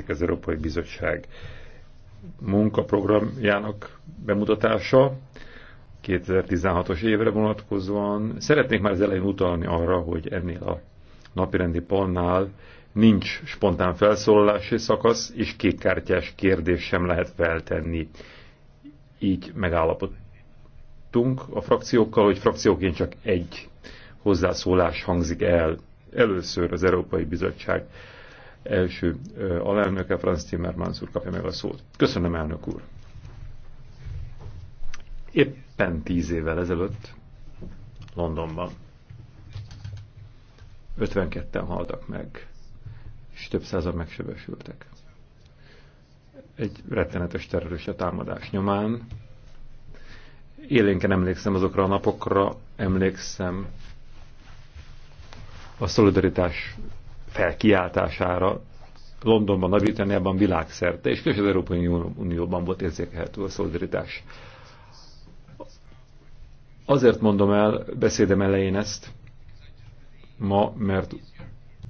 hiányzik az Európai Bizottság munkaprogramjának bemutatása 2016-os évre vonatkozóan. Szeretnék már az elején utalni arra, hogy ennél a napirendi pannál nincs spontán felszólalási szakasz, és kékkártyás kérdés sem lehet feltenni. Így megállapodtunk a frakciókkal, hogy frakcióként csak egy hozzászólás hangzik el. Először az Európai Bizottság első alelnöke, Franz Timmermans úr kapja meg a szót. Köszönöm, elnök úr! Éppen tíz évvel ezelőtt Londonban 52-en haltak meg, és több százan megsebesültek. Egy rettenetes terrorista támadás nyomán. Élénken emlékszem azokra a napokra, emlékszem a szolidaritás felkiáltására Londonban, Nagy-Britanniában világszerte, és különösen az Európai Unióban volt érzékelhető a szolidaritás. Azért mondom el beszédem elején ezt ma, mert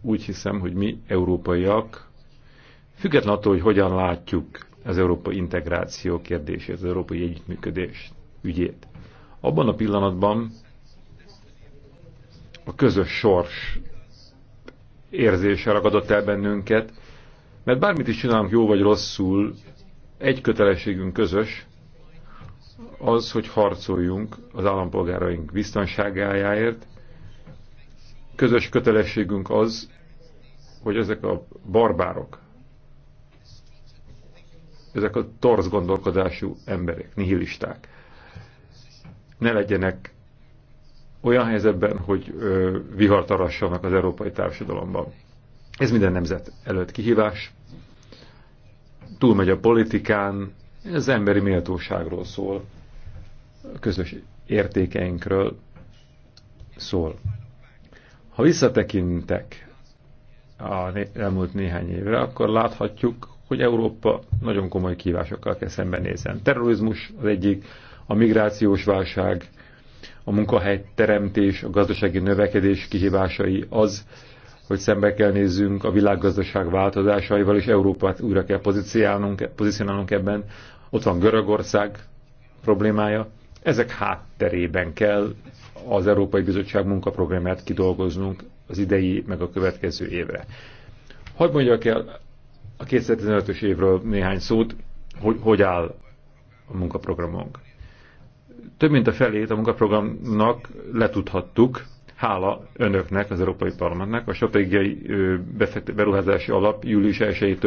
úgy hiszem, hogy mi európaiak, független attól, hogy hogyan látjuk az európai integráció kérdését, az európai együttműködés ügyét. Abban a pillanatban a közös sors érzése ragadott el bennünket, mert bármit is csinálunk jó vagy rosszul, egy kötelességünk közös, az, hogy harcoljunk az állampolgáraink biztonságájáért. Közös kötelességünk az, hogy ezek a barbárok, ezek a torz gondolkodású emberek, nihilisták, ne legyenek olyan helyzetben, hogy vihart arassanak az európai társadalomban. Ez minden nemzet előtt kihívás. Túlmegy a politikán, ez emberi méltóságról szól, közös értékeinkről szól. Ha visszatekintek a elmúlt néhány évre, akkor láthatjuk, hogy Európa nagyon komoly kívásokkal kell szembenézzen. Terrorizmus az egyik, a migrációs válság, a munkahely teremtés, a gazdasági növekedés kihívásai az, hogy szembe kell nézzünk a világgazdaság változásaival, és Európát újra kell pozícionálnunk, ebben. Ott van Görögország problémája. Ezek hátterében kell az Európai Bizottság munkaprogramját kidolgoznunk az idei, meg a következő évre. Hogy mondjak el a 2015-ös évről néhány szót, hogy, hogy áll a munkaprogramunk. Több mint a felét a munkaprogramnak letudhattuk, hála önöknek, az Európai Parlamentnek, a stratégiai beruházási alap július 1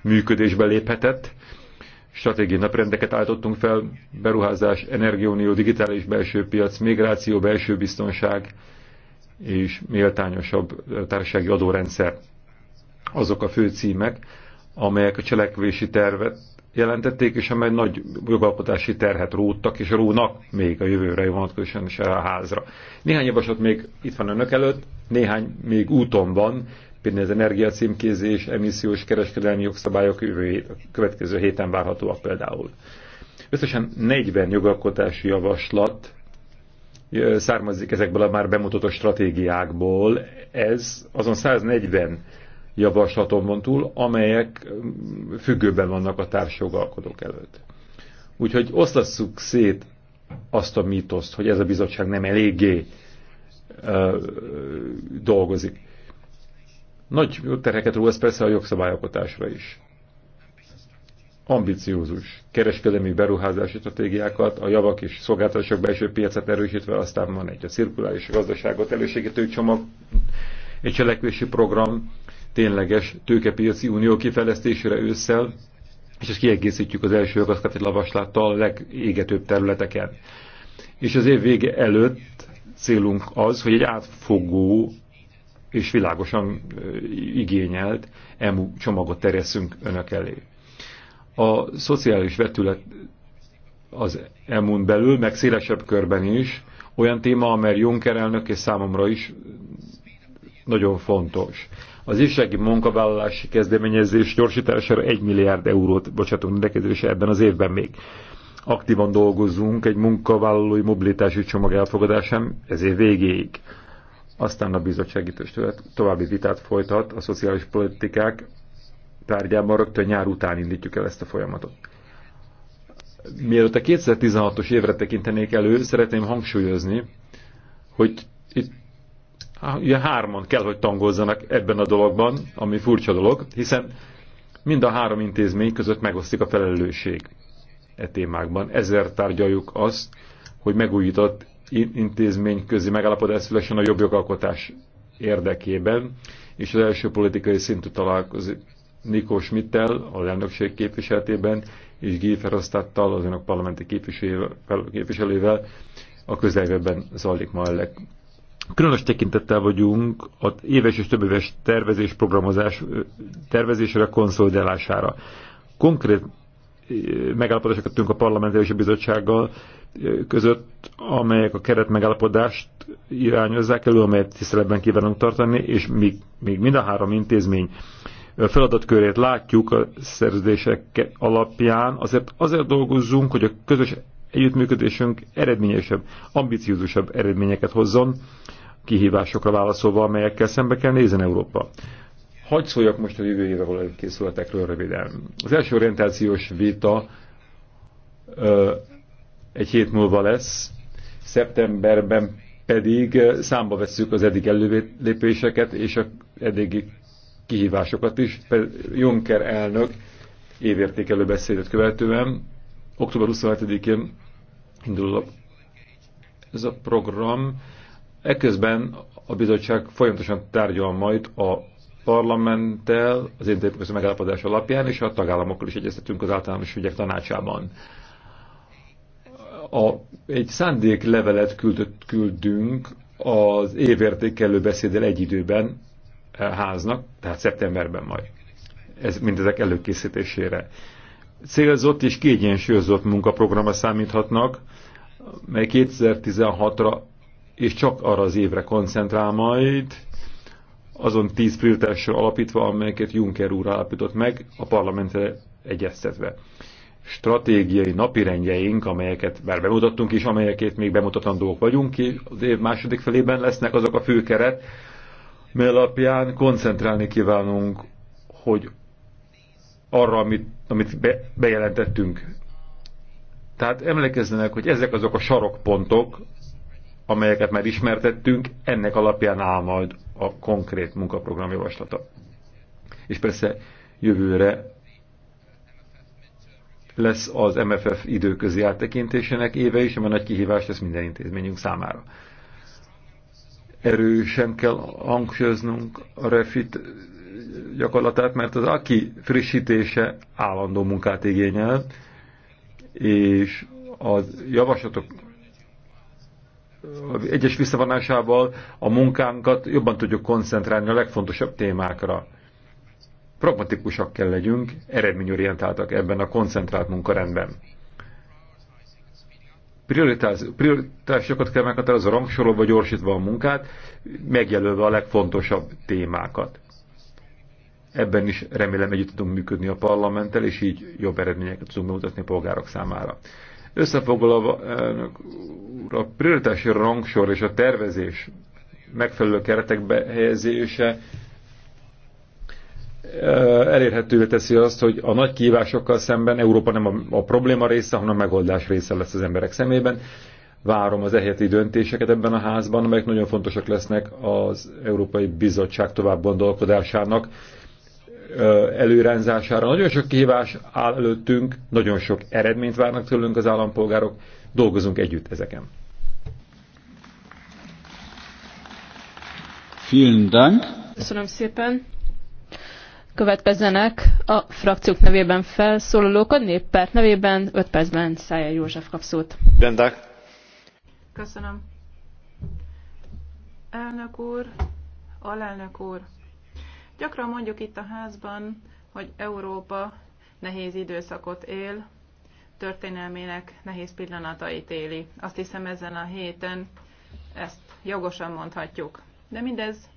működésbe léphetett. Stratégiai naprendeket állítottunk fel, beruházás, energiaunió, digitális belső piac, migráció, belső biztonság és méltányosabb társasági adórendszer. Azok a fő címek, amelyek a cselekvési tervet jelentették, és amely nagy jogalkotási terhet róttak, és rónak még a jövőre vonatkozóan is a házra. Néhány javaslat még itt van önök előtt, néhány még úton van, például az energiacímkézés, emissziós kereskedelmi jogszabályok jövő hét, a következő héten várhatóak például. Összesen 40 jogalkotási javaslat származik ezekből a már bemutatott stratégiákból. Ez azon 140 javaslatomon túl, amelyek mm, függőben vannak a társjogalkodók előtt. Úgyhogy oszlasszuk szét azt a mítoszt, hogy ez a bizottság nem eléggé ö, dolgozik. Nagy terheket ró persze a jogszabályokatásra is. Ambiciózus kereskedelmi beruházási stratégiákat, a javak és szolgáltatások belső piacát erősítve, aztán van egy a cirkuláris gazdaságot elősegítő csomag, egy cselekvési program, tényleges tőkepiaci unió kifejlesztésére ősszel, és ezt kiegészítjük az első jogaszkati lavaslattal a legégetőbb területeken. És az év vége előtt célunk az, hogy egy átfogó és világosan igényelt EMU csomagot terjesszünk önök elé. A szociális vetület az EMU-n belül, meg szélesebb körben is olyan téma, amely Juncker elnök és számomra is nagyon fontos. Az ifjúsági munkavállalási kezdeményezés gyorsítására 1 milliárd eurót bocsátunk rendelkezésre ebben az évben még. Aktívan dolgozunk egy munkavállalói mobilitási csomag elfogadásán ez év végéig. Aztán a bizottsági testület további vitát folytat a szociális politikák tárgyában rögtön nyár után indítjuk el ezt a folyamatot. Mielőtt a 2016-os évre tekintenék elő, szeretném hangsúlyozni, hogy ugye hárman kell, hogy tangozzanak ebben a dologban, ami furcsa dolog, hiszen mind a három intézmény között megosztik a felelősség e témákban. Ezért tárgyaljuk azt, hogy megújított intézmény közi megállapodás szülesen a jobb jogalkotás érdekében, és az első politikai szintű találkozó Nikó Schmidtel, a elnökség képviseletében, és Guy Verhofstadttal, az önök parlamenti képviselővel a közelgőben zajlik ma Különös tekintettel vagyunk az éves és többéves tervezés, programozás tervezésre, konszolidálására. Konkrét megállapodásokat tünk a parlamenttel és a bizottsággal között, amelyek a keret megállapodást irányozzák elő, amelyet tiszteletben kívánunk tartani, és még, még mind a három intézmény feladatkörét látjuk a szerződések alapján, azért azért dolgozzunk, hogy a közös együttműködésünk eredményesebb, ambiciózusabb eredményeket hozzon, kihívásokra válaszolva, amelyekkel szembe kell nézni Európa. Hagy szóljak most a jövő évre való készületekről röviden. Az első orientációs vita ö, egy hét múlva lesz, szeptemberben pedig számba vesszük az eddig előlépéseket és a eddigi kihívásokat is. Juncker elnök évértékelő beszédet követően Október 27-én indul a, ez a program. Ekközben a bizottság folyamatosan tárgyal majd a parlamenttel, az intézményközi megállapodás alapján, és a tagállamokkal is egyeztetünk az általános ügyek tanácsában. A, egy szándéklevelet küldött, küldünk az évértékelő beszéddel egy időben háznak, tehát szeptemberben majd. Ez mindezek előkészítésére célzott és kiegyensúlyozott munkaprogramra számíthatnak, mely 2016-ra és csak arra az évre koncentrál majd, azon tíz prioritásra alapítva, amelyeket Juncker úr állapított meg, a parlamentre egyeztetve. Stratégiai napirendjeink, amelyeket már bemutattunk és amelyeket még bemutatandók vagyunk, és az év második felében lesznek azok a főkeret, mely alapján koncentrálni kívánunk, hogy arra, amit, amit be, bejelentettünk. Tehát emlékezzenek, hogy ezek azok a sarokpontok, amelyeket már ismertettünk, ennek alapján áll majd a konkrét munkaprogram javaslata. És persze jövőre lesz az MFF időközi áttekintésének éve is, amely nagy kihívás lesz minden intézményünk számára. Erősen kell hangsúlyoznunk a refit gyakorlatát, mert az aki frissítése állandó munkát igényel, és az javaslatok egyes visszavonásával a munkánkat jobban tudjuk koncentrálni a legfontosabb témákra. Pragmatikusak kell legyünk, eredményorientáltak ebben a koncentrált munkarendben. Prioritás, prioritásokat kell meghatározni, rangsorolva, gyorsítva a munkát, megjelölve a legfontosabb témákat. Ebben is remélem együtt tudunk működni a parlamenttel, és így jobb eredményeket tudunk bemutatni a polgárok számára. Összefoglalva, a prioritási rangsor és a tervezés megfelelő keretekbe helyezése elérhetővé teszi azt, hogy a nagy kívásokkal szemben Európa nem a, a probléma része, hanem a megoldás része lesz az emberek szemében. Várom az eheti döntéseket ebben a házban, amelyek nagyon fontosak lesznek az Európai Bizottság tovább gondolkodásának előránzására. Nagyon sok kihívás áll előttünk, nagyon sok eredményt várnak tőlünk az állampolgárok, dolgozunk együtt ezeken. Vielen Dank. Köszönöm szépen. Következzenek a frakciók nevében felszólalók, a néppárt nevében 5 percben Szája József kap szót. Köszönöm. Elnök úr, alelnök úr, Gyakran mondjuk itt a házban, hogy Európa nehéz időszakot él, történelmének nehéz pillanatait éli. Azt hiszem ezen a héten ezt jogosan mondhatjuk. De mindez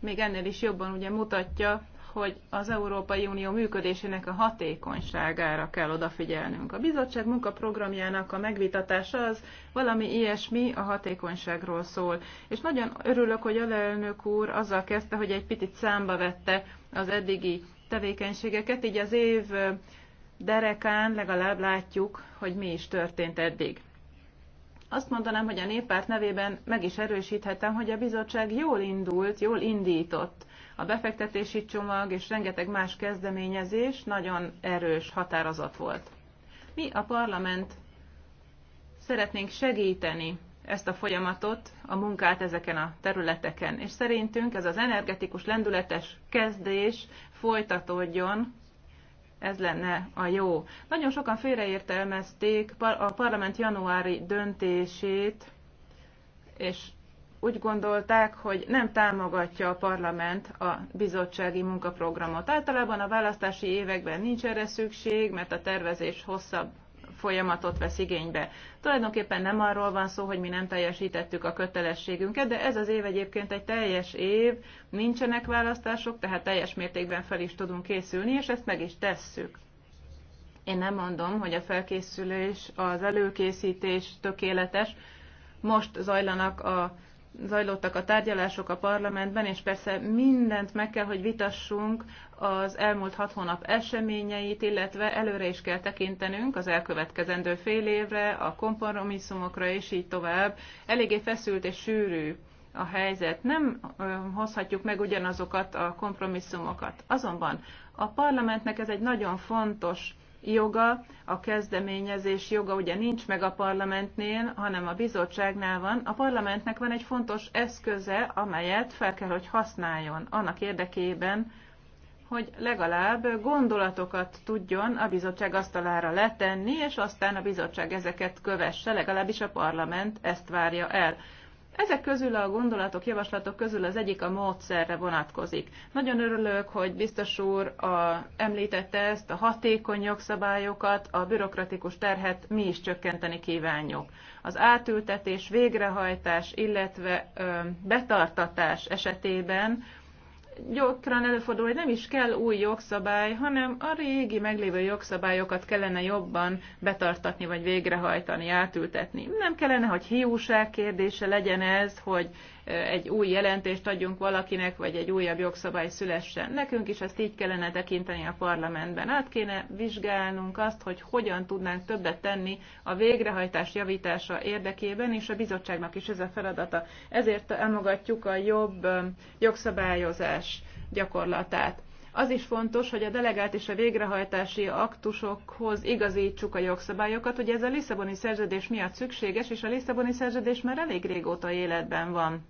még ennél is jobban ugye mutatja, hogy az Európai Unió működésének a hatékonyságára kell odafigyelnünk. A bizottság munkaprogramjának a megvitatása az valami ilyesmi a hatékonyságról szól. És nagyon örülök, hogy a alelnök úr azzal kezdte, hogy egy picit számba vette az eddigi tevékenységeket, így az év derekán legalább látjuk, hogy mi is történt eddig. Azt mondanám, hogy a néppárt nevében meg is erősíthetem, hogy a bizottság jól indult, jól indított. A befektetési csomag és rengeteg más kezdeményezés nagyon erős határozat volt. Mi a parlament szeretnénk segíteni ezt a folyamatot, a munkát ezeken a területeken. És szerintünk ez az energetikus, lendületes kezdés folytatódjon ez lenne a jó. Nagyon sokan félreértelmezték a parlament januári döntését, és úgy gondolták, hogy nem támogatja a parlament a bizottsági munkaprogramot. Általában a választási években nincs erre szükség, mert a tervezés hosszabb folyamatot vesz igénybe. Tulajdonképpen nem arról van szó, hogy mi nem teljesítettük a kötelességünket, de ez az év egyébként egy teljes év, nincsenek választások, tehát teljes mértékben fel is tudunk készülni, és ezt meg is tesszük. Én nem mondom, hogy a felkészülés, az előkészítés tökéletes. Most zajlanak a zajlottak a tárgyalások a parlamentben, és persze mindent meg kell, hogy vitassunk az elmúlt hat hónap eseményeit, illetve előre is kell tekintenünk az elkövetkezendő fél évre, a kompromisszumokra és így tovább. Eléggé feszült és sűrű a helyzet. Nem hozhatjuk meg ugyanazokat a kompromisszumokat. Azonban a parlamentnek ez egy nagyon fontos joga, a kezdeményezés joga ugye nincs meg a parlamentnél, hanem a bizottságnál van. A parlamentnek van egy fontos eszköze, amelyet fel kell, hogy használjon annak érdekében, hogy legalább gondolatokat tudjon a bizottság asztalára letenni, és aztán a bizottság ezeket kövesse, legalábbis a parlament ezt várja el. Ezek közül a gondolatok, javaslatok közül az egyik a módszerre vonatkozik. Nagyon örülök, hogy biztos úr a, említette ezt, a hatékony jogszabályokat, a bürokratikus terhet mi is csökkenteni kívánjuk. Az átültetés, végrehajtás, illetve ö, betartatás esetében gyakran előfordul, hogy nem is kell új jogszabály, hanem a régi meglévő jogszabályokat kellene jobban betartatni, vagy végrehajtani, átültetni. Nem kellene, hogy hiúság kérdése legyen ez, hogy egy új jelentést adjunk valakinek, vagy egy újabb jogszabály szülessen. Nekünk is ezt így kellene tekinteni a parlamentben. Át kéne vizsgálnunk azt, hogy hogyan tudnánk többet tenni a végrehajtás javítása érdekében, és a bizottságnak is ez a feladata. Ezért elmogatjuk a jobb jogszabályozás gyakorlatát. Az is fontos, hogy a delegált és a végrehajtási aktusokhoz igazítsuk a jogszabályokat, hogy ez a Lisszaboni szerződés miatt szükséges, és a Lisszaboni szerződés már elég régóta életben van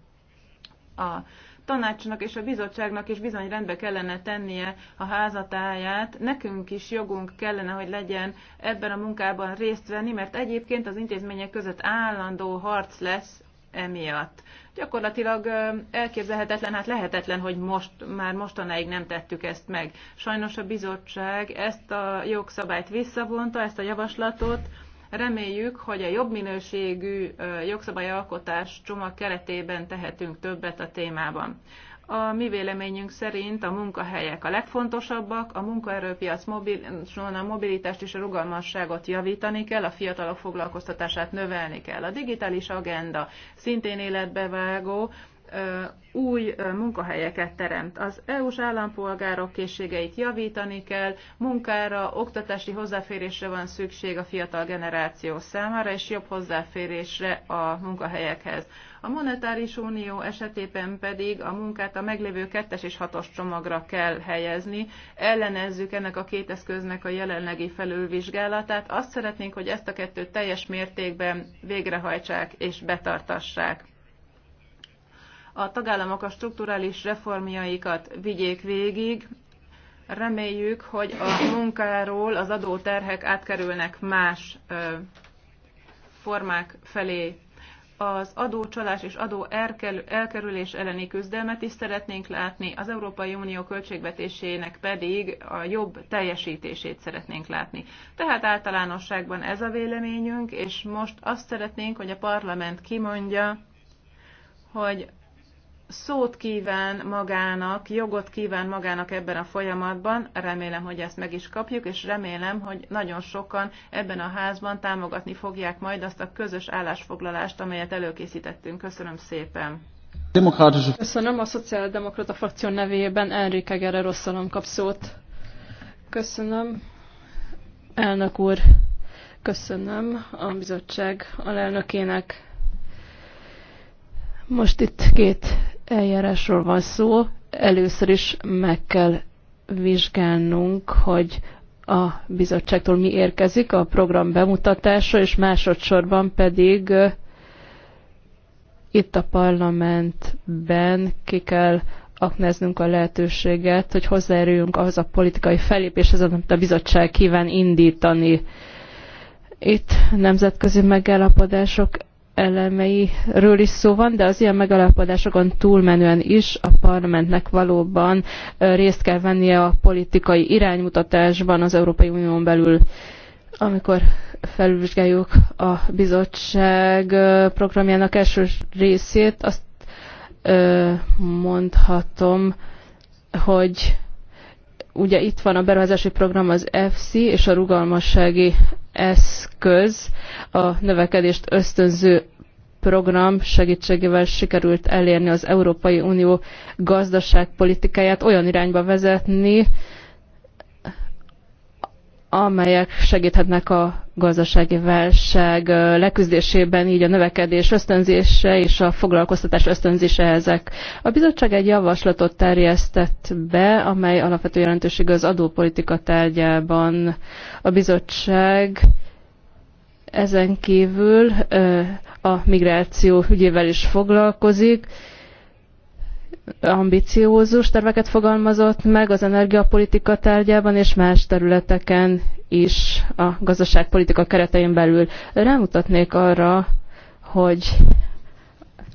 a tanácsnak és a bizottságnak is bizony rendbe kellene tennie a házatáját. Nekünk is jogunk kellene, hogy legyen ebben a munkában részt venni, mert egyébként az intézmények között állandó harc lesz emiatt. Gyakorlatilag elképzelhetetlen, hát lehetetlen, hogy most, már mostanáig nem tettük ezt meg. Sajnos a bizottság ezt a jogszabályt visszavonta, ezt a javaslatot, Reméljük, hogy a jobb minőségű jogszabályalkotás csomag keretében tehetünk többet a témában. A mi véleményünk szerint a munkahelyek a legfontosabbak, a munkaerőpiac mobil, a mobilitást és a rugalmasságot javítani kell, a fiatalok foglalkoztatását növelni kell. A digitális agenda szintén életbevágó, új munkahelyeket teremt. Az EU-s állampolgárok készségeit javítani kell, munkára, oktatási hozzáférésre van szükség a fiatal generáció számára, és jobb hozzáférésre a munkahelyekhez. A monetáris unió esetében pedig a munkát a meglévő kettes és hatos csomagra kell helyezni. Ellenezzük ennek a két eszköznek a jelenlegi felülvizsgálatát. Azt szeretnénk, hogy ezt a kettőt teljes mértékben végrehajtsák és betartassák a tagállamok a strukturális reformjaikat vigyék végig, reméljük, hogy a munkáról az adóterhek átkerülnek más formák felé. Az adócsalás és adó elkerülés elleni küzdelmet is szeretnénk látni, az Európai Unió költségvetésének pedig a jobb teljesítését szeretnénk látni. Tehát általánosságban ez a véleményünk, és most azt szeretnénk, hogy a parlament kimondja, hogy szót kíván magának, jogot kíván magának ebben a folyamatban. Remélem, hogy ezt meg is kapjuk, és remélem, hogy nagyon sokan ebben a házban támogatni fogják majd azt a közös állásfoglalást, amelyet előkészítettünk. Köszönöm szépen! Köszönöm a Szociáldemokrata frakció nevében Enrique Guerrero Szalom kap szót. Köszönöm, elnök úr. Köszönöm a bizottság alelnökének most itt két eljárásról van szó. Először is meg kell vizsgálnunk, hogy a bizottságtól mi érkezik a program bemutatása, és másodszorban pedig itt a parlamentben ki kell aknáznunk a lehetőséget, hogy hozzájáruljunk ahhoz a politikai felépéshez, amit a bizottság kíván indítani. Itt nemzetközi megállapodások elemeiről is szó van, de az ilyen megalapodásokon túlmenően is a parlamentnek valóban részt kell vennie a politikai iránymutatásban az Európai Unión belül. Amikor felülvizsgáljuk a bizottság programjának első részét, azt mondhatom, hogy ugye itt van a beruházási program, az FC és a rugalmassági eszköz, a növekedést ösztönző program segítségével sikerült elérni az Európai Unió gazdaságpolitikáját, olyan irányba vezetni, amelyek segíthetnek a gazdasági válság leküzdésében, így a növekedés ösztönzése és a foglalkoztatás ösztönzése ezek. A bizottság egy javaslatot terjesztett be, amely alapvető jelentőségű az adópolitika tárgyában. A bizottság ezen kívül a migráció ügyével is foglalkozik, ambiciózus terveket fogalmazott meg az energiapolitika tárgyában és más területeken is a gazdaságpolitika keretein belül. Rámutatnék arra, hogy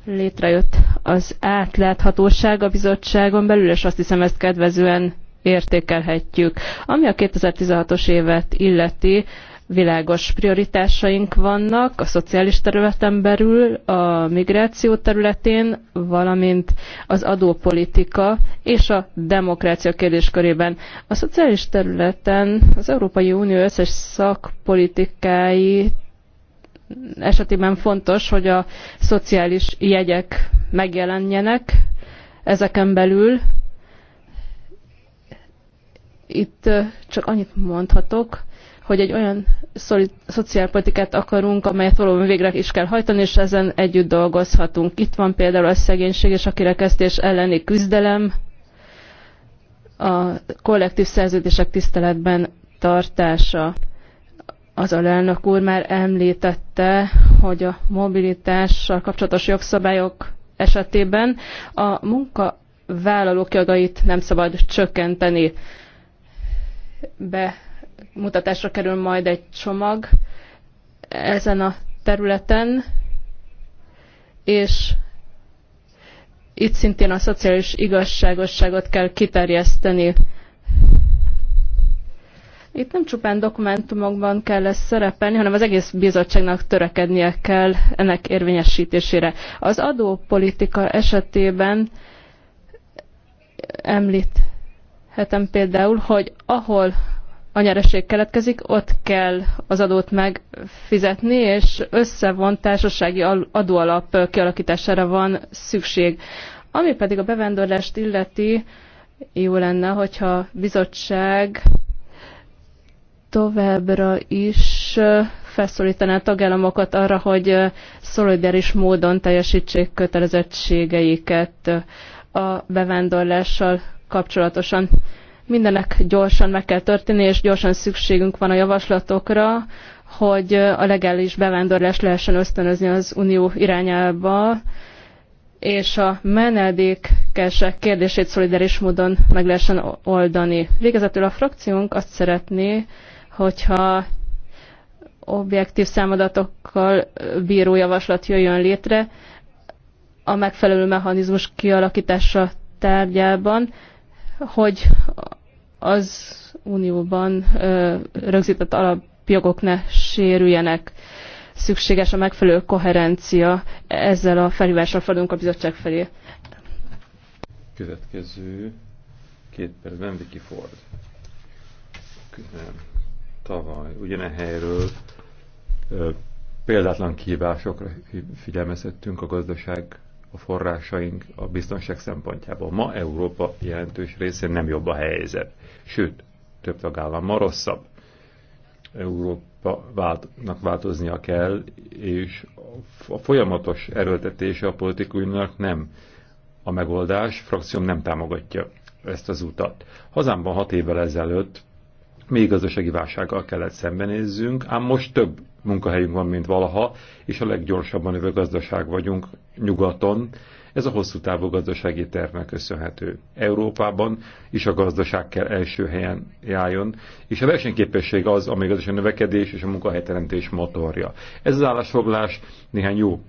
létrejött az átláthatóság a bizottságon belül, és azt hiszem ezt kedvezően értékelhetjük. Ami a 2016-os évet illeti, Világos prioritásaink vannak a szociális területen belül, a migráció területén, valamint az adópolitika és a demokrácia kérdéskörében. A szociális területen az Európai Unió összes szakpolitikái esetében fontos, hogy a szociális jegyek megjelenjenek ezeken belül. Itt csak annyit mondhatok, hogy egy olyan szociálpolitikát akarunk, amelyet valóban végre is kell hajtani, és ezen együtt dolgozhatunk. Itt van például a szegénység és a kirekesztés elleni küzdelem, a kollektív szerződések tiszteletben tartása. Az alelnök úr már említette, hogy a mobilitással kapcsolatos jogszabályok esetében a munkavállalók jogait nem szabad csökkenteni. Be mutatásra kerül majd egy csomag ezen a területen, és itt szintén a szociális igazságosságot kell kiterjeszteni. Itt nem csupán dokumentumokban kell ezt szerepelni, hanem az egész bizottságnak törekednie kell ennek érvényesítésére. Az adópolitika esetében említhetem például, hogy ahol a nyereség keletkezik, ott kell az adót megfizetni, és összevont társasági adóalap kialakítására van szükség. Ami pedig a bevándorlást illeti, jó lenne, hogyha a bizottság továbbra is felszólítaná a tagállamokat arra, hogy szolidaris módon teljesítsék kötelezettségeiket a bevándorlással kapcsolatosan. Mindenek gyorsan meg kell történni, és gyorsan szükségünk van a javaslatokra, hogy a legális bevándorlás lehessen ösztönözni az unió irányába, és a menedékesek kérdését szolidaris módon meg lehessen oldani. Végezetül a frakciónk azt szeretné, hogyha objektív számadatokkal bíró javaslat jöjjön létre a megfelelő mechanizmus kialakítása tárgyában, hogy az unióban rögzített alapjogok ne sérüljenek. Szükséges a megfelelő koherencia. Ezzel a felhívással fordulunk a bizottság felé. Következő két percben Vicky Ford. Nem, tavaly ugyan helyről példátlan kihívásokra figyelmeztettünk a gazdaság a forrásaink a biztonság szempontjából. Ma Európa jelentős részén nem jobb a helyzet, sőt, több ma rosszabb. Európa váltnak változnia kell, és a folyamatos erőltetése a politikainak nem a megoldás, frakcióm nem támogatja ezt az utat. Hazámban hat évvel ezelőtt még gazdasági válsággal kellett szembenézzünk, ám most több munkahelyünk van, mint valaha, és a leggyorsabban növő gazdaság vagyunk nyugaton. Ez a hosszú távú gazdasági tervnek köszönhető. Európában is a gazdaság kell első helyen járjon, és a versenyképesség az, ami a növekedés és a munkahelyteremtés motorja. Ez az állásfoglás néhány jó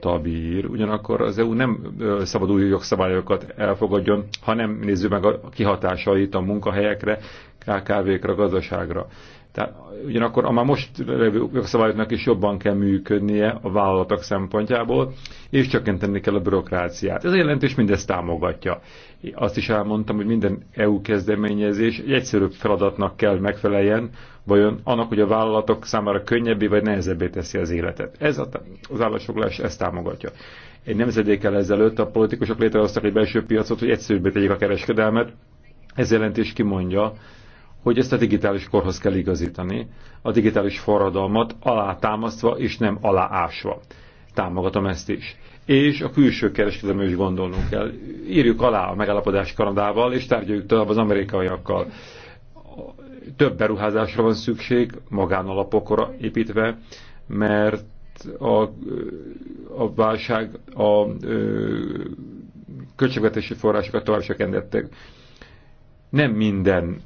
a bír. Ugyanakkor az EU nem szabad új jogszabályokat elfogadjon, hanem nézzük meg a kihatásait a munkahelyekre, KKV-kra, gazdaságra. Tehát ugyanakkor a már most levő jogszabályoknak is jobban kell működnie a vállalatok szempontjából, és csökkenteni kell a bürokráciát. Ez a jelentés mindezt támogatja. Azt is elmondtam, hogy minden EU kezdeményezés egy egyszerűbb feladatnak kell megfeleljen, vajon annak, hogy a vállalatok számára könnyebbé vagy nehezebbé teszi az életet. Ez a, az állásfoglalás ezt támogatja. Egy nemzedékkel ezelőtt a politikusok létrehoztak egy belső piacot, hogy egyszerűbbé tegyék a kereskedelmet. Ez jelentés kimondja, hogy ezt a digitális korhoz kell igazítani, a digitális forradalmat alátámasztva és nem aláásva. Támogatom ezt is. És a külső kereskedelmű is gondolnunk kell. Írjuk alá a megállapodást Kanadával, és tárgyaljuk tovább az amerikaiakkal. Több beruházásra van szükség, magánalapokra építve, mert a, a válság a költségvetési forrásokat tovább csak endettek. Nem minden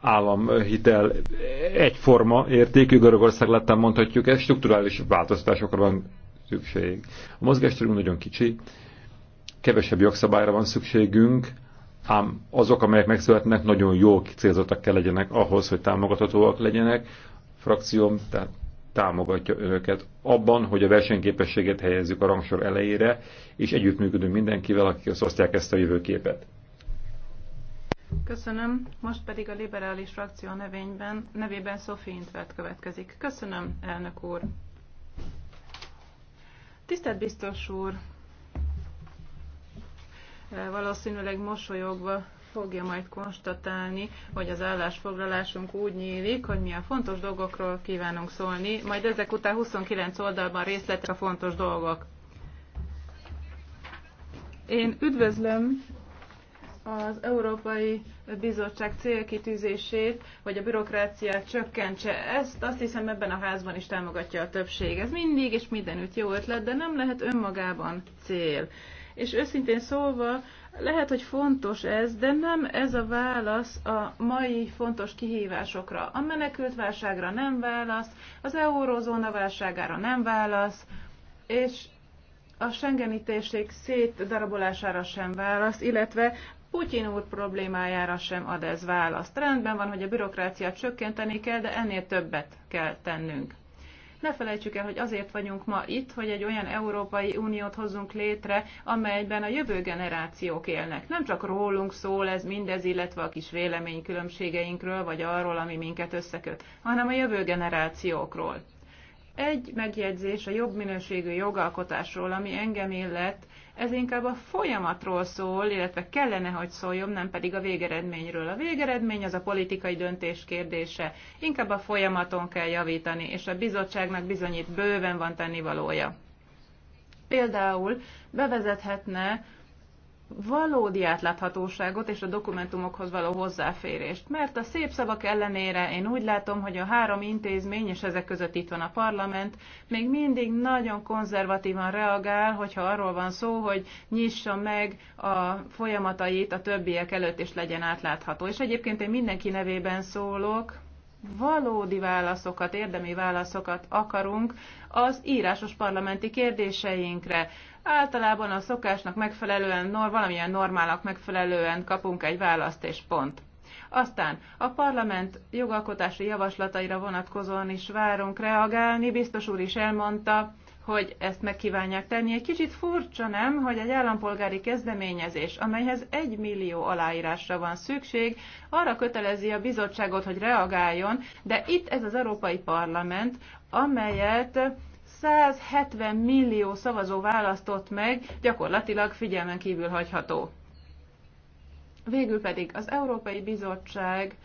államhitel egyforma értékű, Görögország lettem mondhatjuk, ez strukturális változtatásokra van szükség. A mozgásterünk nagyon kicsi, kevesebb jogszabályra van szükségünk, ám azok, amelyek megszületnek, nagyon jó célzottak kell legyenek ahhoz, hogy támogathatóak legyenek. A frakcióm tehát támogatja önöket abban, hogy a versenyképességet helyezzük a rangsor elejére, és együttműködünk mindenkivel, akik osztják ezt a jövőképet. Köszönöm. Most pedig a liberális frakció nevényben, nevében Sophie Intvert következik. Köszönöm, elnök úr. Tisztelt biztos úr, valószínűleg mosolyogva fogja majd konstatálni, hogy az állásfoglalásunk úgy nyílik, hogy mi a fontos dolgokról kívánunk szólni, majd ezek után 29 oldalban részletek a fontos dolgok. Én üdvözlöm az Európai Bizottság célkitűzését, vagy a bürokráciát csökkentse ezt, azt hiszem ebben a házban is támogatja a többség. Ez mindig és mindenütt jó ötlet, de nem lehet önmagában cél. És őszintén szólva, lehet, hogy fontos ez, de nem ez a válasz a mai fontos kihívásokra. A menekült válságra nem válasz, az eurózóna válságára nem válasz, és a Schengeni térség szétdarabolására sem válasz, illetve Putyin úr problémájára sem ad ez választ. Rendben van, hogy a bürokráciát csökkenteni kell, de ennél többet kell tennünk. Ne felejtsük el, hogy azért vagyunk ma itt, hogy egy olyan Európai Uniót hozzunk létre, amelyben a jövő generációk élnek. Nem csak rólunk szól ez mindez, illetve a kis véleménykülönbségeinkről, vagy arról, ami minket összeköt, hanem a jövő generációkról. Egy megjegyzés a jobb minőségű jogalkotásról, ami engem illet, ez inkább a folyamatról szól, illetve kellene, hogy szóljon, nem pedig a végeredményről. A végeredmény az a politikai döntés kérdése. Inkább a folyamaton kell javítani, és a bizottságnak bizonyít bőven van tennivalója. Például bevezethetne valódi átláthatóságot és a dokumentumokhoz való hozzáférést. Mert a szép szavak ellenére én úgy látom, hogy a három intézmény, és ezek között itt van a parlament, még mindig nagyon konzervatívan reagál, hogyha arról van szó, hogy nyissa meg a folyamatait a többiek előtt, és legyen átlátható. És egyébként én mindenki nevében szólok, valódi válaszokat, érdemi válaszokat akarunk az írásos parlamenti kérdéseinkre Általában a szokásnak megfelelően, valamilyen normálnak megfelelően kapunk egy választ és pont. Aztán a parlament jogalkotási javaslataira vonatkozóan is várunk reagálni. Biztos úr is elmondta, hogy ezt megkívánják tenni. Egy kicsit furcsa nem, hogy egy állampolgári kezdeményezés, amelyhez egy millió aláírásra van szükség, arra kötelezi a bizottságot, hogy reagáljon, de itt ez az Európai Parlament, amelyet 170 millió szavazó választott meg, gyakorlatilag figyelmen kívül hagyható. Végül pedig az Európai Bizottság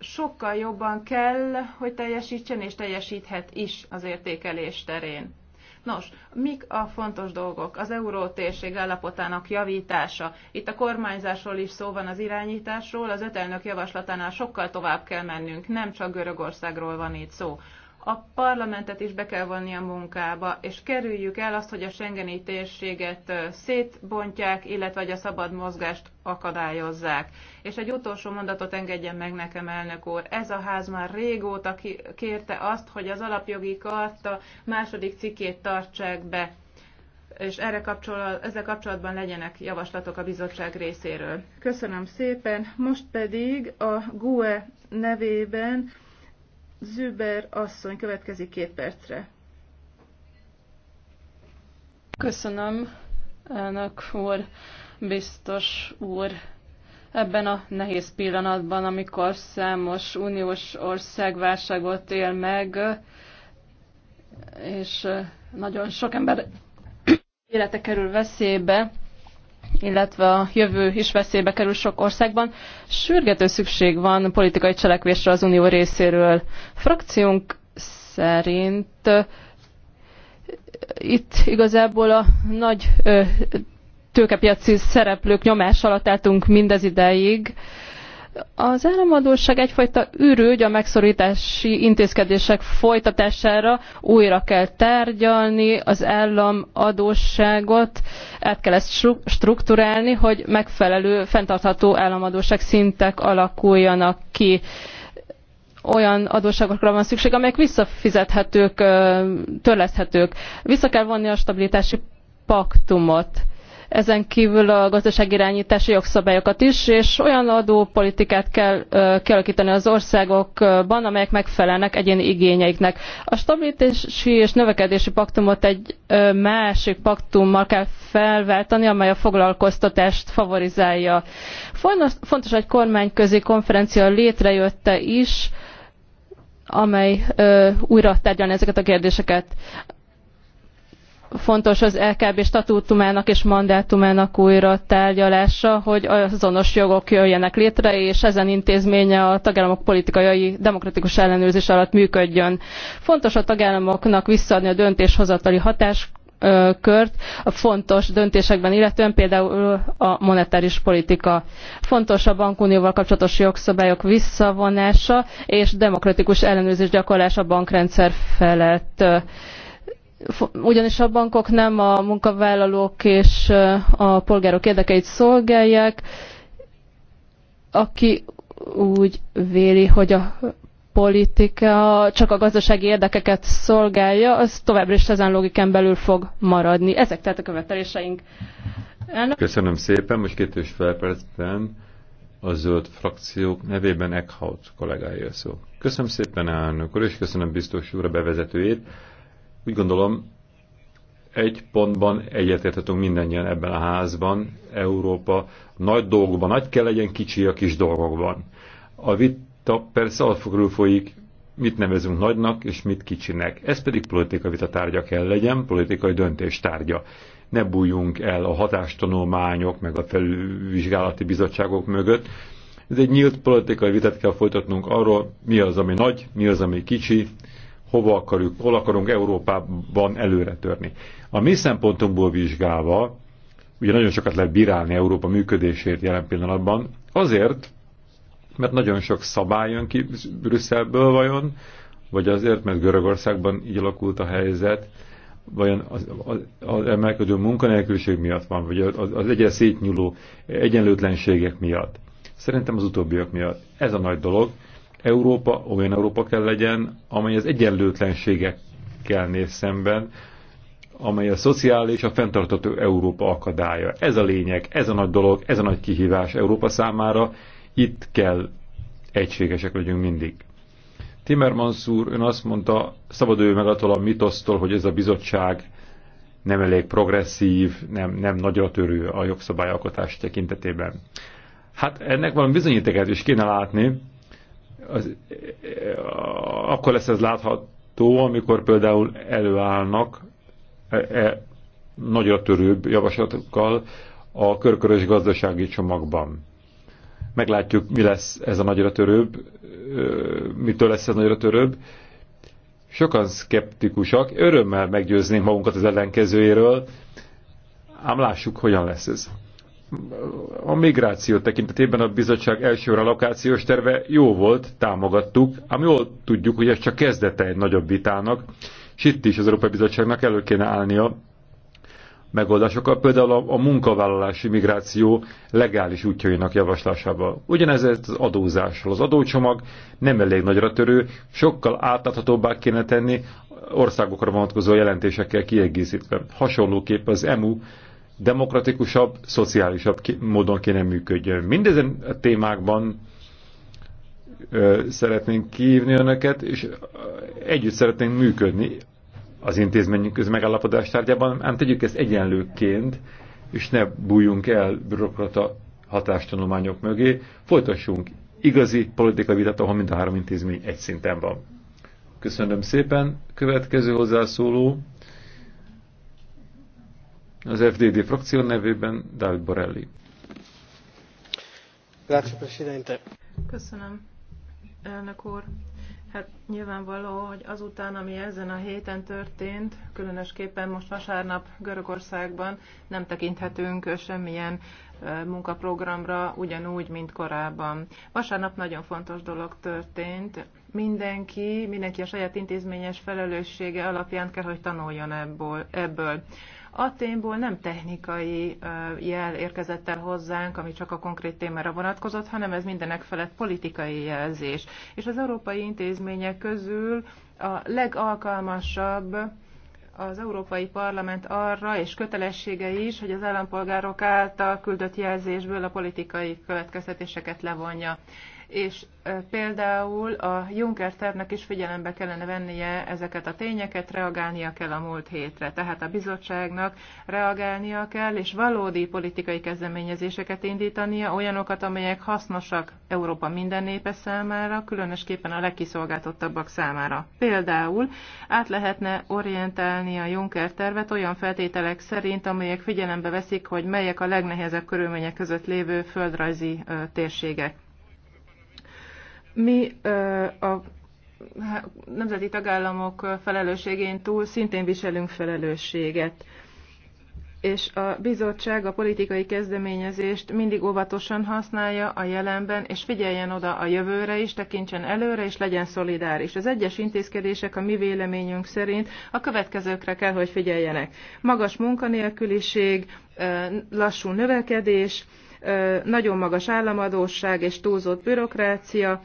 sokkal jobban kell, hogy teljesítsen és teljesíthet is az értékelés terén. Nos, mik a fontos dolgok? Az eurótérség állapotának javítása. Itt a kormányzásról is szó van az irányításról, az ötelnök javaslatánál sokkal tovább kell mennünk, nem csak Görögországról van itt szó a parlamentet is be kell vonni a munkába, és kerüljük el azt, hogy a Schengeni térséget szétbontják, illetve hogy a szabad mozgást akadályozzák. És egy utolsó mondatot engedjen meg nekem, elnök úr. Ez a ház már régóta kérte azt, hogy az alapjogi karta második cikkét tartsák be és erre kapcsolat, ezzel kapcsolatban legyenek javaslatok a bizottság részéről. Köszönöm szépen. Most pedig a GUE nevében Züber asszony következik két percre. Köszönöm, elnök úr, biztos úr. Ebben a nehéz pillanatban, amikor számos uniós ország válságot él meg, és nagyon sok ember élete kerül veszélybe, illetve a jövő is veszélybe kerül sok országban. Sürgető szükség van politikai cselekvésre az unió részéről. Frakciónk szerint itt igazából a nagy tőkepiaci szereplők nyomás alatt álltunk mindez ideig, az államadóság egyfajta ürügy a megszorítási intézkedések folytatására, újra kell tárgyalni az államadóságot, át kell ezt strukturálni, hogy megfelelő, fenntartható államadóság szintek alakuljanak ki olyan adósságokra van szükség, amelyek visszafizethetők, törleszthetők. Vissza kell vonni a stabilitási paktumot ezen kívül a gazdaságirányítási jogszabályokat is, és olyan adópolitikát kell kialakítani az országokban, amelyek megfelelnek egyéni igényeiknek. A stabilitási és növekedési paktumot egy másik paktummal kell felváltani, amely a foglalkoztatást favorizálja. Fontos egy kormányközi konferencia létrejötte is, amely ö, újra tárgyalni ezeket a kérdéseket fontos az LKB statútumának és mandátumának újra tárgyalása, hogy azonos jogok jöjjenek létre, és ezen intézménye a tagállamok politikai demokratikus ellenőrzés alatt működjön. Fontos a tagállamoknak visszaadni a döntéshozatali hatás kört a fontos döntésekben, illetően például a monetáris politika. Fontos a bankunióval kapcsolatos jogszabályok visszavonása és demokratikus ellenőrzés gyakorlása a bankrendszer felett ugyanis a bankok nem a munkavállalók és a polgárok érdekeit szolgálják, aki úgy véli, hogy a politika csak a gazdasági érdekeket szolgálja, az továbbra is ezen logikán belül fog maradni. Ezek tehát a követeléseink. Elnök. Köszönöm szépen, most két és fél percben a zöld frakciók nevében Eckhout kollégája szó. Köszönöm szépen elnök úr, és köszönöm biztos úr a bevezetőjét. Úgy gondolom, egy pontban egyetérthetünk mindannyian ebben a házban, Európa nagy dolgokban, nagy kell legyen kicsi a kis dolgokban. A vita persze alapfokról folyik, mit nevezünk nagynak és mit kicsinek. Ez pedig politika vita tárgya kell legyen, politikai döntés tárgya. Ne bújjunk el a hatástanulmányok, meg a felvizsgálati bizottságok mögött. Ez egy nyílt politikai vitát kell folytatnunk arról, mi az, ami nagy, mi az, ami kicsi, hova akarjuk, hol akarunk Európában előre törni. A mi szempontunkból vizsgálva, ugye nagyon sokat lehet bírálni Európa működését jelen pillanatban, azért, mert nagyon sok szabály jön ki Brüsszelből vajon, vagy azért, mert Görögországban így alakult a helyzet, vajon az, az, az emelkedő munkanélküliség miatt van, vagy az, az egyre szétnyúló egyenlőtlenségek miatt. Szerintem az utóbbiak miatt. Ez a nagy dolog, Európa olyan Európa kell legyen, amely az egyenlőtlenségekkel néz szemben, amely a szociális, a fenntartató Európa akadálya. Ez a lényeg, ez a nagy dolog, ez a nagy kihívás Európa számára. Itt kell egységesek legyünk mindig. Timmermans úr, ön azt mondta, szabadulj meg attól a mitosztól, hogy ez a bizottság nem elég progresszív, nem, nem nagyra törő a jogszabályalkotás tekintetében. Hát ennek valami bizonyítéket is kéne látni, az, eh, akkor lesz ez látható, amikor például előállnak e, e, nagyra törőbb javaslatokkal a körkörös gazdasági csomagban. Meglátjuk, mi lesz ez a nagyra törőbb, mitől lesz ez nagyra törőbb. Sokan szkeptikusak, örömmel meggyőznénk magunkat az ellenkezőjéről, ám lássuk, hogyan lesz ez. A migráció tekintetében a bizottság első lokációs terve jó volt, támogattuk, ám jól tudjuk, hogy ez csak kezdete egy nagyobb vitának, és itt is az Európai Bizottságnak elő kéne állnia megoldásokkal, például a, a munkavállalási migráció legális útjainak javaslásával. Ugyanez az adózással. Az adócsomag nem elég nagyra törő, sokkal átláthatóbbá kéne tenni országokra vonatkozó jelentésekkel kiegészítve. Hasonlóképp az EMU demokratikusabb, szociálisabb módon kéne működjön. Mindezen a témákban ö, szeretnénk kívni önöket, és együtt szeretnénk működni az intézményünk közmegállapodás tárgyában, ám tegyük ezt egyenlőként, és ne bújjunk el bürokrata hatástanulmányok mögé, folytassunk igazi politikai vitát, ahol mind a három intézmény egy szinten van. Köszönöm szépen. Következő hozzászóló az FDD frakció nevében Dávid Borelli. Köszönöm, elnök úr. Hát nyilvánvaló, hogy azután, ami ezen a héten történt, különösképpen most vasárnap Görögországban nem tekinthetünk semmilyen munkaprogramra ugyanúgy, mint korábban. Vasárnap nagyon fontos dolog történt. Mindenki, mindenki a saját intézményes felelőssége alapján kell, hogy tanuljon ebből. ebből. Aténból nem technikai jel érkezett el hozzánk, ami csak a konkrét témára vonatkozott, hanem ez mindenek felett politikai jelzés. És az európai intézmények közül a legalkalmasabb az Európai Parlament arra, és kötelessége is, hogy az állampolgárok által küldött jelzésből a politikai következtetéseket levonja és például a Juncker tervnek is figyelembe kellene vennie ezeket a tényeket, reagálnia kell a múlt hétre. Tehát a bizottságnak reagálnia kell, és valódi politikai kezdeményezéseket indítania, olyanokat, amelyek hasznosak Európa minden népe számára, különösképpen a legkiszolgáltottabbak számára. Például át lehetne orientálni a Juncker tervet olyan feltételek szerint, amelyek figyelembe veszik, hogy melyek a legnehezebb körülmények között lévő földrajzi térségek. Mi a nemzeti tagállamok felelősségén túl szintén viselünk felelősséget. És a bizottság a politikai kezdeményezést mindig óvatosan használja a jelenben, és figyeljen oda a jövőre is, tekintsen előre, és legyen szolidáris. Az egyes intézkedések a mi véleményünk szerint a következőkre kell, hogy figyeljenek. Magas munkanélküliség, lassú növekedés, nagyon magas államadóság és túlzott bürokrácia,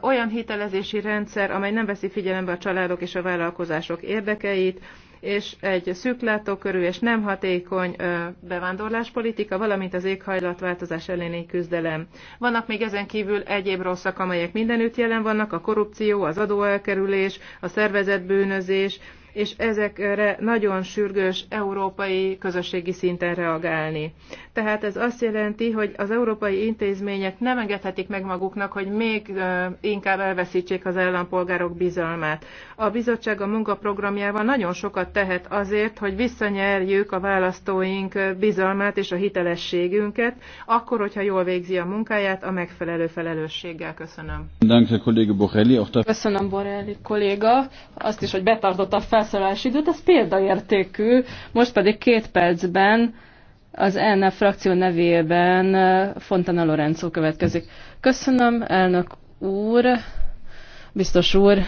olyan hitelezési rendszer, amely nem veszi figyelembe a családok és a vállalkozások érdekeit, és egy szűklátókörű és nem hatékony bevándorláspolitika, valamint az éghajlatváltozás elleni küzdelem. Vannak még ezen kívül egyéb rosszak, amelyek mindenütt jelen vannak, a korrupció, az adóelkerülés, a szervezetbűnözés, és ezekre nagyon sürgős európai közösségi szinten reagálni. Tehát ez azt jelenti, hogy az európai intézmények nem engedhetik meg maguknak, hogy még inkább elveszítsék az állampolgárok bizalmát. A bizottság a munkaprogramjával nagyon sokat tehet azért, hogy visszanyerjük a választóink bizalmát és a hitelességünket, akkor, hogyha jól végzi a munkáját a megfelelő felelősséggel. Köszönöm. Köszönöm, Borelli kolléga, azt is, hogy betartotta fel felszólalási időt, az példaértékű. Most pedig két percben az ENF frakció nevében Fontana Lorenzo következik. Köszönöm, elnök úr, biztos úr.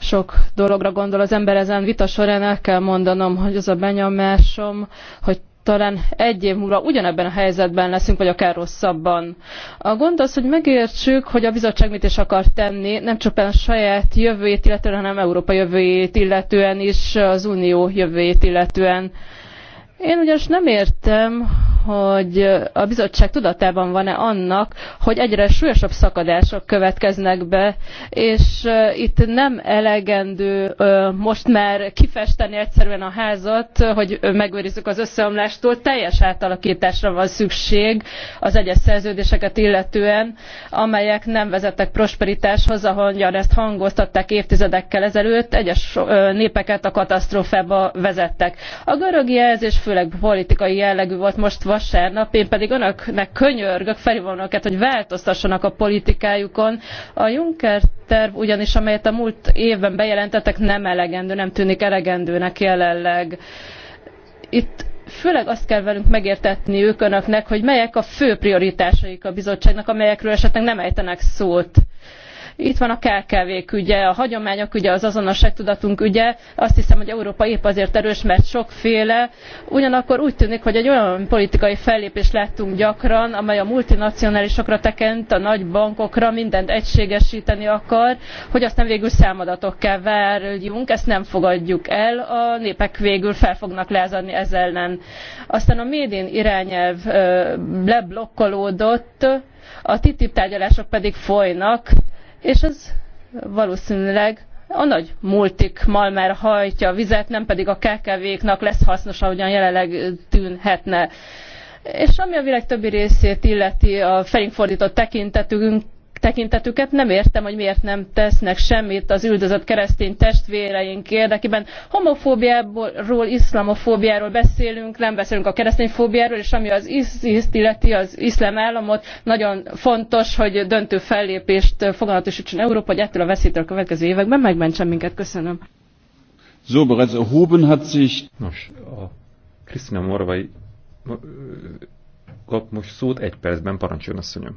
Sok dologra gondol az ember ezen vita során, el kell mondanom, hogy az a benyomásom, hogy talán egy év múlva ugyanebben a helyzetben leszünk, vagy akár rosszabban. A gond az, hogy megértsük, hogy a bizottság mit is akar tenni, nem csak a saját jövőjét illetően, hanem Európa jövőjét illetően is, az Unió jövőjét illetően. Én ugyanis nem értem, hogy a bizottság tudatában van-e annak, hogy egyre súlyosabb szakadások következnek be, és itt nem elegendő most már kifesteni egyszerűen a házat, hogy megőrizzük az összeomlástól, teljes átalakításra van szükség az egyes szerződéseket illetően, amelyek nem vezettek prosperitáshoz, ahogyan ezt hangoztatták évtizedekkel ezelőtt, egyes népeket a katasztrófába vezettek. A görög jelzés főleg politikai jellegű volt most vasárnap, én pedig önöknek könyörgök, felhívom önöket, hogy változtassanak a politikájukon. A Juncker terv ugyanis, amelyet a múlt évben bejelentettek, nem elegendő, nem tűnik elegendőnek jelenleg. Itt főleg azt kell velünk megértetni ők önöknek, hogy melyek a fő prioritásaik a bizottságnak, amelyekről esetleg nem ejtenek szót itt van a KKV-k ügye, a hagyományok ügye, az azonosságtudatunk ügye. Azt hiszem, hogy Európa épp azért erős, mert sokféle. Ugyanakkor úgy tűnik, hogy egy olyan politikai fellépést láttunk gyakran, amely a multinacionálisokra tekint, a nagy bankokra mindent egységesíteni akar, hogy aztán végül számadatokká várjunk, ezt nem fogadjuk el, a népek végül fel fognak lázadni ez ellen. Aztán a médén irányelv leblokkolódott, a TTIP tárgyalások pedig folynak, és ez valószínűleg a nagy multik malmára hajtja a vizet, nem pedig a KKV-knak lesz hasznos, ahogyan jelenleg tűnhetne. És ami a világ többi részét illeti a felénk fordított tekintetünk, tekintetüket. Nem értem, hogy miért nem tesznek semmit az üldözött keresztény testvéreink érdekében. Homofóbiáról, iszlamofóbiáról beszélünk, nem beszélünk a keresztényfóbiáról, és ami az ISIS-t illeti, az iszlám államot, nagyon fontos, hogy döntő fellépést foganatosítson Európa, hogy ettől a veszélytől a következő években megmentsen minket. Köszönöm. So, bereits erhoben hat sich... Nos, a Krisztina Morvai kap most szót egy percben, parancsoljon asszonyom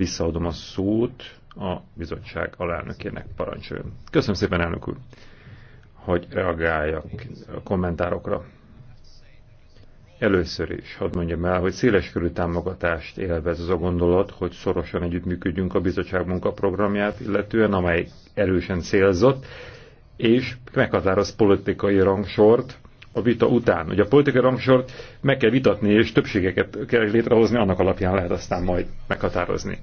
Visszaadom a szót a bizottság alelnökének parancsoljon. Köszönöm szépen, elnök úr, hogy reagáljak a kommentárokra. Először is hadd mondjam el, hogy széleskörű támogatást élvez az a gondolat, hogy szorosan együttműködjünk a bizottság munkaprogramját, illetően amely erősen célzott, és meghatároz politikai rangsort, a vita után. Ugye a politikai rangsort meg kell vitatni, és többségeket kell létrehozni, annak alapján lehet aztán majd meghatározni.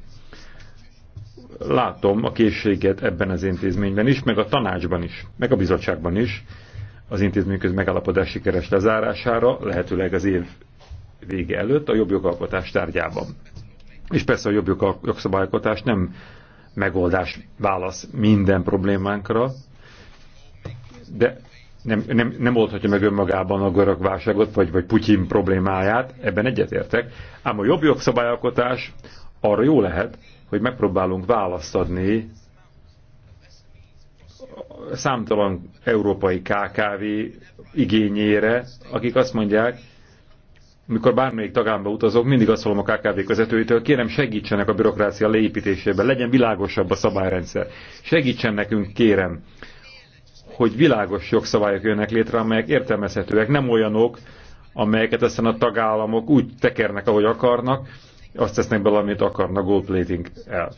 Látom a készséget ebben az intézményben is, meg a tanácsban is, meg a bizottságban is, az köz megállapodás sikeres lezárására, lehetőleg az év vége előtt a jobb jogalkotás tárgyában. És persze a jobb jogszabályalkotás nem megoldás válasz minden problémánkra, de nem, nem, nem oldhatja meg önmagában a görög válságot, vagy, vagy Putyin problémáját, ebben egyetértek. Ám a jobb jogszabályalkotás arra jó lehet, hogy megpróbálunk választ adni számtalan európai KKV igényére, akik azt mondják, mikor bármelyik tagámba utazok, mindig azt mondom a KKV vezetőitől, kérem segítsenek a bürokrácia leépítésében, legyen világosabb a szabályrendszer. Segítsen nekünk, kérem, hogy világos jogszabályok jönnek létre, amelyek értelmezhetőek, nem olyanok, amelyeket aztán a tagállamok úgy tekernek, ahogy akarnak, azt tesznek bele, amit akarnak gold plating el.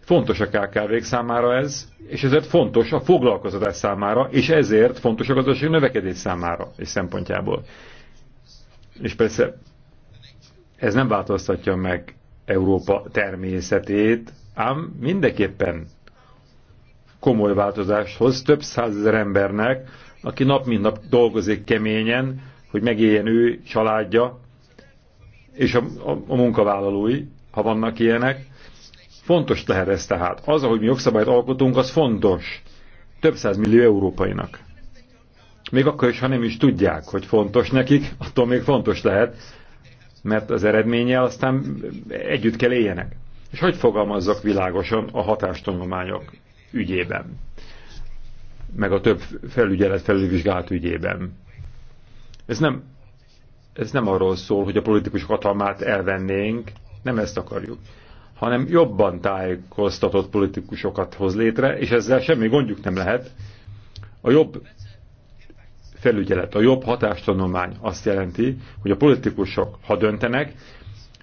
Fontos a kkv számára ez, és ezért fontos a foglalkozatás számára, és ezért fontos a gazdaság növekedés számára és szempontjából. És persze ez nem változtatja meg Európa természetét, ám mindenképpen komoly változást hoz több százezer embernek, aki nap mint nap dolgozik keményen, hogy megéljen ő, családja és a, a, a munkavállalói, ha vannak ilyenek. Fontos lehet ez tehát. Az, ahogy mi jogszabályt alkotunk, az fontos. Több millió európainak. Még akkor is, ha nem is tudják, hogy fontos nekik, attól még fontos lehet, mert az eredménye aztán együtt kell éljenek. És hogy fogalmazzak világosan a hatástanulmányok ügyében, meg a több felügyelet felülvizsgált ügyében. Ez nem, ez nem arról szól, hogy a politikus hatalmát elvennénk, nem ezt akarjuk, hanem jobban tájékoztatott politikusokat hoz létre, és ezzel semmi gondjuk nem lehet. A jobb felügyelet, a jobb hatástanulmány azt jelenti, hogy a politikusok, ha döntenek,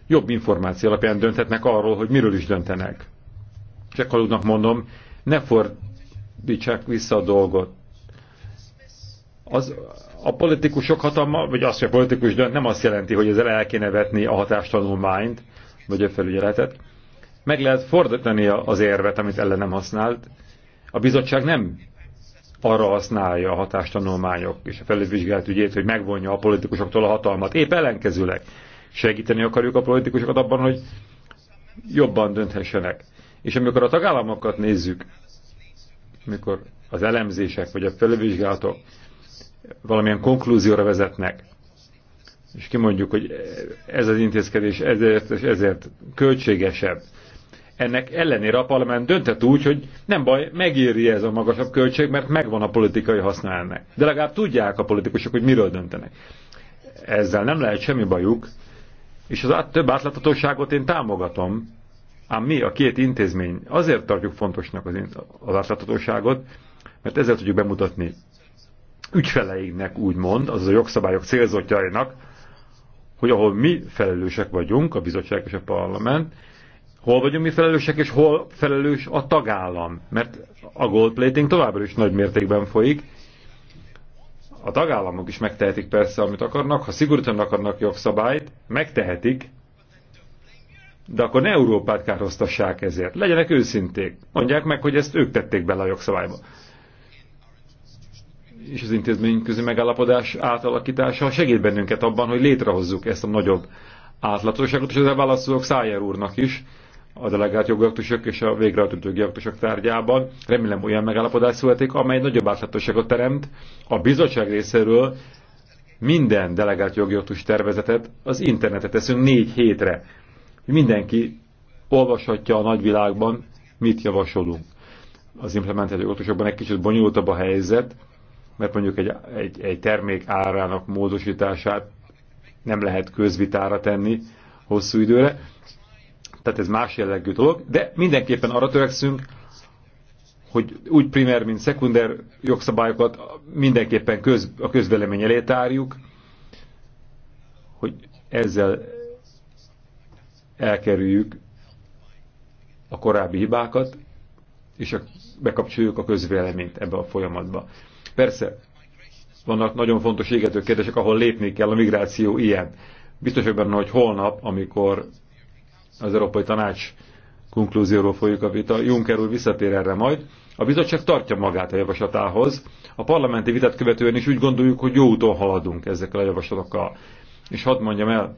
jobb információ alapján dönthetnek arról, hogy miről is döntenek. Csak aludnak mondom, ne fordítsák vissza a dolgot. Az, a politikusok hatalma, vagy az, hogy a politikus dönt, nem azt jelenti, hogy ezzel el kéne vetni a hatástanulmányt, vagy a felügyeletet. Meg lehet fordítani az érvet, amit ellenem használt. A bizottság nem arra használja a hatástanulmányok és a felülvizsgált ügyét, hogy megvonja a politikusoktól a hatalmat. Épp ellenkezőleg segíteni akarjuk a politikusokat abban, hogy jobban dönthessenek. És amikor a tagállamokat nézzük, amikor az elemzések vagy a felülvizsgálatok valamilyen konklúzióra vezetnek, és kimondjuk, hogy ez az intézkedés ezért és ezért költségesebb. Ennek ellenére a parlament döntett úgy, hogy nem baj, megéri ez a magasabb költség, mert megvan a politikai haszna ennek. De legalább tudják a politikusok, hogy miről döntenek. Ezzel nem lehet semmi bajuk, és az át, több átláthatóságot én támogatom, Ám mi a két intézmény azért tartjuk fontosnak az, az átláthatóságot, mert ezzel tudjuk bemutatni ügyfeleinknek úgymond, azaz a jogszabályok célzottjainak, hogy ahol mi felelősek vagyunk, a bizottság és a parlament, hol vagyunk mi felelősek, és hol felelős a tagállam. Mert a gold plating továbbra is nagy mértékben folyik. A tagállamok is megtehetik persze, amit akarnak. Ha szigorítanak akarnak jogszabályt, megtehetik, de akkor ne Európát kárhoztassák ezért. Legyenek őszinték. Mondják meg, hogy ezt ők tették bele a jogszabályba. És az intézményközi megállapodás átalakítása segít bennünket abban, hogy létrehozzuk ezt a nagyobb átlatosságot, és ezzel válaszolok Szájer úrnak is, a delegált jogaktusok és a végrehajtó jogaktusok tárgyában. Remélem olyan megállapodás születik, amely nagyobb átláthatóságot teremt a bizottság részéről minden delegált jogaktus tervezetet az internetet teszünk négy hétre hogy mindenki olvashatja a nagyvilágban, mit javasolunk. Az implementáció oktatásokban egy kicsit bonyolultabb a helyzet, mert mondjuk egy, egy, egy termék árának módosítását nem lehet közvitára tenni hosszú időre, tehát ez más jellegű dolog, de mindenképpen arra törekszünk, hogy úgy primer, mint szekunder jogszabályokat mindenképpen köz, a közvelemény elé tárjuk, hogy ezzel elkerüljük a korábbi hibákat, és a, bekapcsoljuk a közvéleményt ebbe a folyamatba. Persze, vannak nagyon fontos égető kérdések, ahol lépni kell, a migráció ilyen. Biztos vagy benne, hogy holnap, amikor az Európai Tanács konklúzióról folyik a vita, Juncker úr visszatér erre majd, a bizottság tartja magát a javaslatához. A parlamenti vitát követően is úgy gondoljuk, hogy jó úton haladunk ezekkel a javaslatokkal. És hadd mondjam el,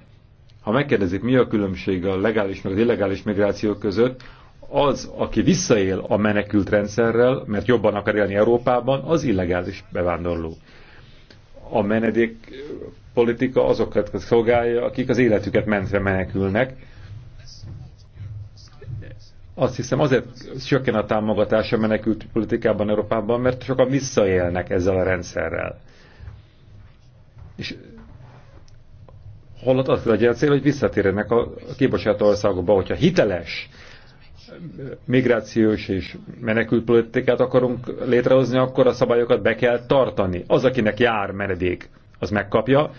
ha megkérdezik, mi a különbség a legális meg az illegális migráció között, az, aki visszaél a menekült rendszerrel, mert jobban akar élni Európában, az illegális bevándorló. A menedék politika azokat szolgálja, akik az életüket mentve menekülnek. Azt hiszem azért csökken a támogatás a menekült politikában Európában, mert sokan visszaélnek ezzel a rendszerrel. És holott az legyen a cél, hogy visszatérjenek a kibocsátó országokba, hogyha hiteles migrációs és menekültpolitikát akarunk létrehozni, akkor a szabályokat be kell tartani. Az, akinek jár menedék, az megkapja.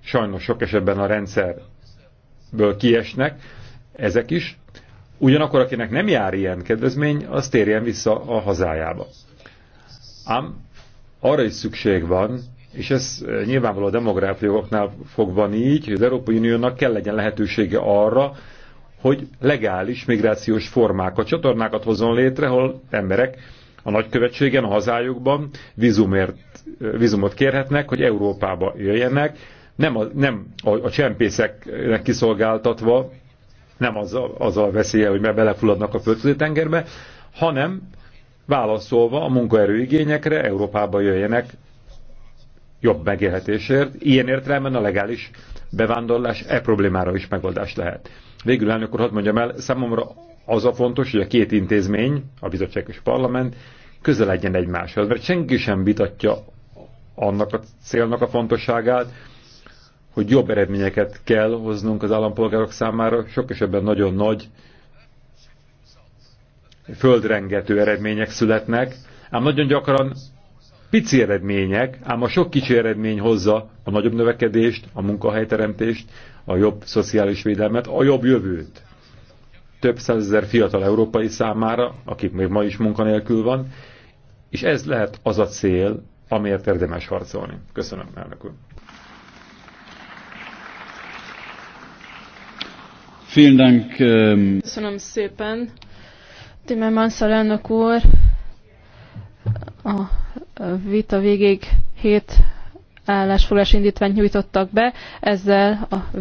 Sajnos sok esetben a rendszerből kiesnek ezek is. Ugyanakkor, akinek nem jár ilyen kedvezmény, az térjen vissza a hazájába. Ám arra is szükség van, és ez eh, nyilvánvaló a demográfiaknál fogva így, hogy az Európai Uniónak kell legyen lehetősége arra, hogy legális migrációs formákat, csatornákat hozzon létre, hol emberek a nagykövetségen, a hazájukban vízumért, eh, vízumot kérhetnek, hogy Európába jöjjenek, nem a, nem a, a csempészeknek kiszolgáltatva, nem az a, az a veszélye, hogy belefulladnak a földközi tengerbe, hanem válaszolva a munkaerőigényekre Európába jöjjenek jobb megélhetésért. Ilyen értelemben a legális bevándorlás e problémára is megoldás lehet. Végül elnök úr, hadd mondjam el, számomra az a fontos, hogy a két intézmény, a bizottság és a parlament, közel legyen egymáshoz, mert senki sem vitatja annak a célnak a fontosságát, hogy jobb eredményeket kell hoznunk az állampolgárok számára, sok esetben nagyon nagy, földrengető eredmények születnek, ám nagyon gyakran pici eredmények, ám a sok kicsi eredmény hozza a nagyobb növekedést, a munkahelyteremtést, a jobb szociális védelmet, a jobb jövőt. Több százezer fiatal európai számára, akik még ma is munkanélkül van, és ez lehet az a cél, amiért érdemes harcolni. Köszönöm, elnök úr. Ähm, Köszönöm szépen. Timmermans elnök úr, a vita végéig hét állásfoglalás indítványt nyújtottak be, ezzel a